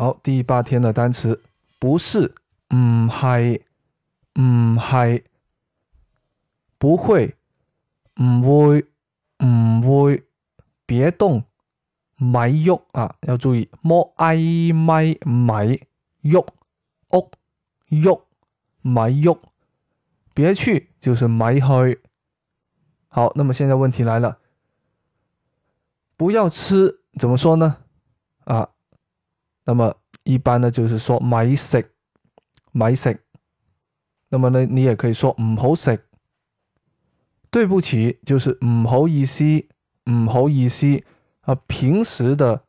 好，第八天的單詞，不是，唔、嗯、係，唔係、嗯。係，不會，唔、嗯、會，唔會、嗯，會，別動，咪喐啊，要注意，摸，埃米咪喐，哦喐，咪喐，別去就是咪去。好，那麼現在問題來了，不要吃，怎麼說呢？啊？那麼一般呢，就是說“唔好食，唔好食”。那麼呢，你也可以說“唔好食”。對不起，就是“唔好意思，唔好意思”。啊，平時的，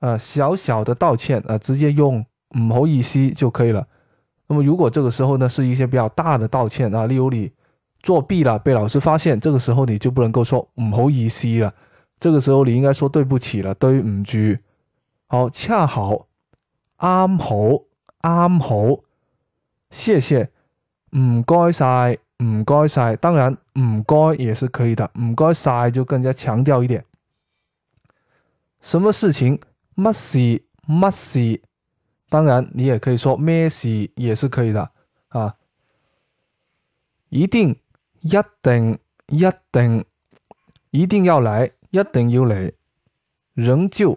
啊小小的道歉啊，直接用“唔好意思”就可以了。那麼如果這個時候呢，是一些比較大的道歉啊，例如你作弊了被老師發現，這個時候你就不能夠說“唔好意思”了，這個時候你應該說“對不起”了，“對唔住”。好，恰好啱好啱好，謝謝唔該晒唔該晒，當然唔該也是可以的，唔該晒就更加強調一點。什麼事情乜事乜事，當然你也可以說咩事也是可以的啊。一定一定一定一定要來，一定要來，仍舊。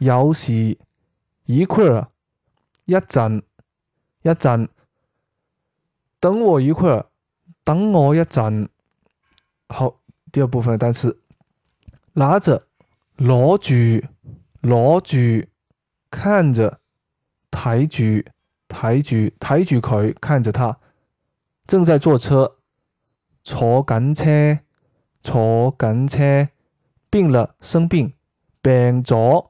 有時，一會，一陣，一陣，等我一會，等我一陣。好，第二部分嘅單詞，拿着、攞住，攞住，看着，睇住、睇住、睇住。佢，看着他，正在坐車，坐緊車，坐緊車，病了，生病，病咗。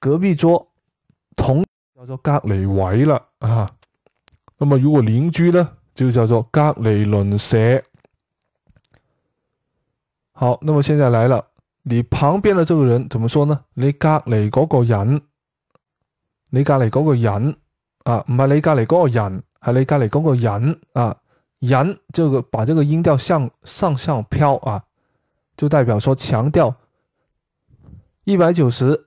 隔壁桌同叫做隔離位啦啊，那麼如果鄰居呢，就叫做隔離鄰舍。好，那麼現在來了，你旁邊的這個人怎麼說呢？你隔離嗰個人，你隔離嗰個人啊，唔係你隔離嗰個人，係、啊、你隔離嗰個人，你隔離個人啊，人就把這個音調向上上飄啊，就代表說強調一百九十，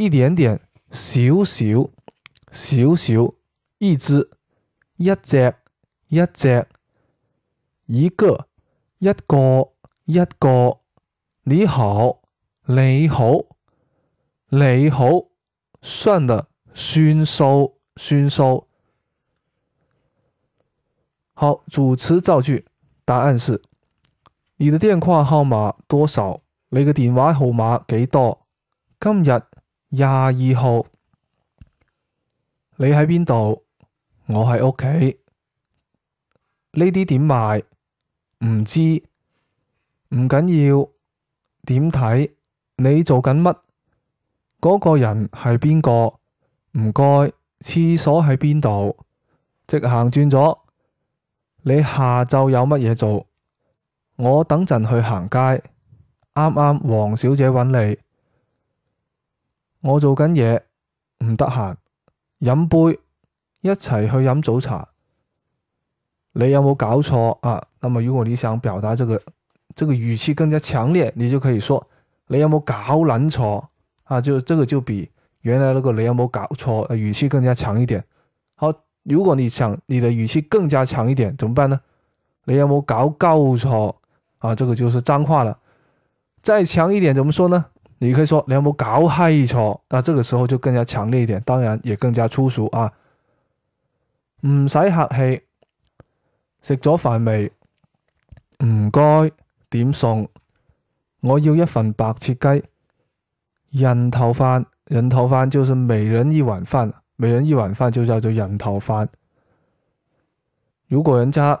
一點點少少少少，一支一隻一隻，一個一個一個，你好你好你好，算啦算數算數，好主詞造句答案是，你的電話號碼多少？你嘅電話號碼幾多？今日。廿二號，你喺邊度？我喺屋企。呢啲點賣？唔知。唔緊要。點睇？你做緊乜？嗰個人係邊個？唔該。廁所喺邊度？直行轉左。你下晝有乜嘢做？我等陣去行街。啱啱黃小姐搵你。我做緊嘢，唔得閒，飲杯一齊去飲早茶。你有冇搞錯啊？咁如果你想表達這個，這個語氣更加強烈，你就可以說你有冇搞撚錯啊？就這個就比原來那個你有冇搞錯語氣更加強一點。好，如果你想你的語氣更加強一點，怎麼辦呢？你有冇搞鳩錯啊？這個就是髒話啦。再強一點，怎麼說呢？你可以說你有冇搞閪錯？那這個時候就更加強烈一點，當然也更加粗俗啊！唔使客氣，食咗飯未？唔該，點餸？我要一份白切雞，人頭飯，人頭飯就是每人一碗飯，每人一碗飯就叫做人頭飯。如果人家，